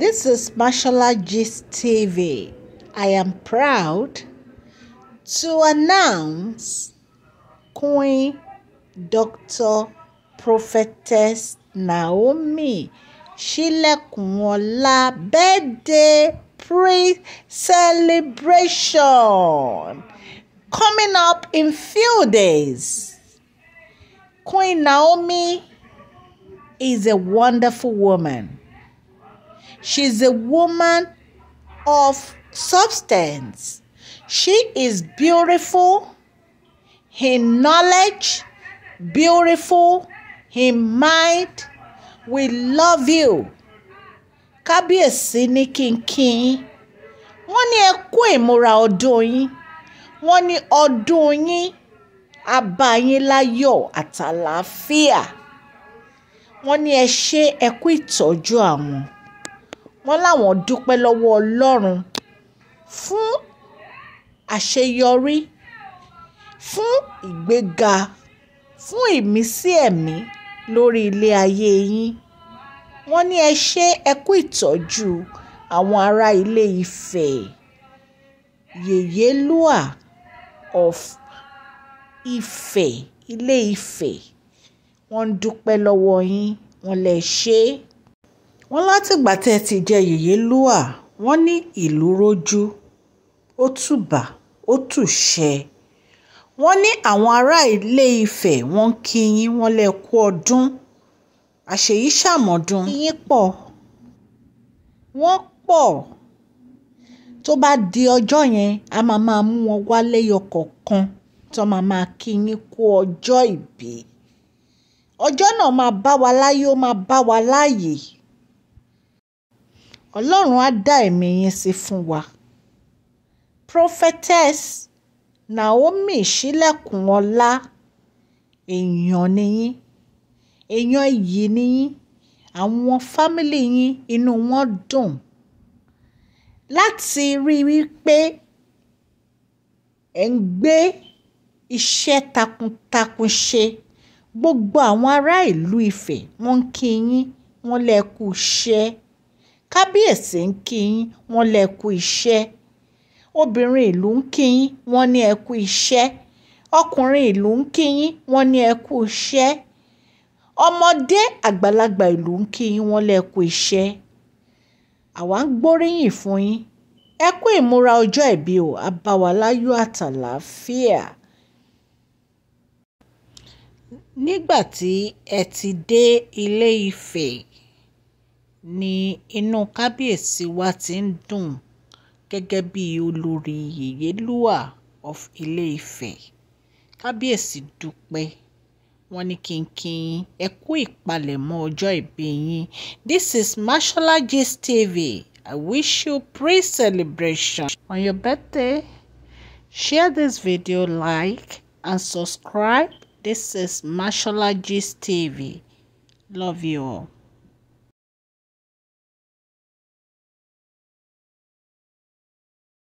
This is Mashallah Gist TV. I am proud to announce Queen Dr. Prophetess Naomi Shilekunwola birthday pre-celebration coming up in few days. Queen Naomi is a wonderful woman. She's a woman of substance. She is beautiful in knowledge, beautiful in mind. We love you. Kábíyèsí ní kínkín. Wọ́n ní ẹ kú ìmúra ọdún yín. Wọ́n ní ọdún yín abayín àtàlàáfíà. Wọ́n ní ẹ ṣe ẹ ìtọ́jú àwọn. wọ́n láwọn dúpẹ́ lọ́wọ́ ọlọ́run fún àṣeyọrí fún ìgbéga fún ìmísí ẹ̀mí lórí ilé ayé yín wọ́n ní ẹ ṣé ẹ kú ìtọ́jú àwọn ará ilé Ifẹ̀ Yèyélúà of Ifẹ̀ ilé Ifẹ̀ wọ́n ń dúpẹ́ lọ́wọ́ yín wọ́n lè ṣe é wọ́n látìgbà tẹ́ ẹ ti jẹ yèyélúwà wọ́n ní ìlú rójú ó tùbà ó tùṣẹ wọ́n ní àwọn ará ilé Ifẹ̀ wọ́n ń kí yín wọ́n lẹ kú ọdún àṣèyí ṣàmọ̀dún yín pọ̀ wọ́n pọ̀ tó bá di ọjọ́ yẹn a máa máa mú wọn wálé yọkọ̀ọ̀kan tó máa máa kí yín kú ọjọ́ ìbí ọjọ́ náà máa bá wa láyé ó máa bá wa láàyè ọlọ́run á dá ẹ̀mí yín sí fún wa prophetess Naomi ṣílẹ̀kùn ọlá èèyàn ni yín èèyàn iyì ni yín àwọn fámìlì yín inú wọn dùn láti rí i pé ẹ̀ ń gbé iṣẹ́ takuntakun ṣe gbogbo àwọn ará ìlú Ifẹ̀ wọ́n ń kí yín wọ́n lè kú iṣẹ́ kábíyèsí ń kí yín wọ́n lẹ kú iṣẹ́ obìnrin ìlú ń kí yín wọ́n ní ẹ kú iṣẹ́ ọkùnrin ìlú ń kí yín wọ́n ní ẹ kú iṣẹ́ ọmọdé àgbàlagbà ìlú ń kí yín wọ́n iṣẹ́ àwa ń gbóríyìn fún yín ẹ ìmúra ọjọ́ ìbí o á bá nígbà tí ẹ ti dé Ilé-Ifẹ̀ ni inú kábíyèsí wa ti ń dùn gẹ́gẹ́ bí olórí yèyélúwà of ilé-ifẹ̀ kábíyèsí dúpẹ́ wọ́n ní kínkín ẹ kú ìpalẹ̀mọ́ ọjọ́ ìbí yín this is Mashola Gist TV I wish you pre-celebration on your birthday share this video like and subscribe this is Mashola Gist TV love you all.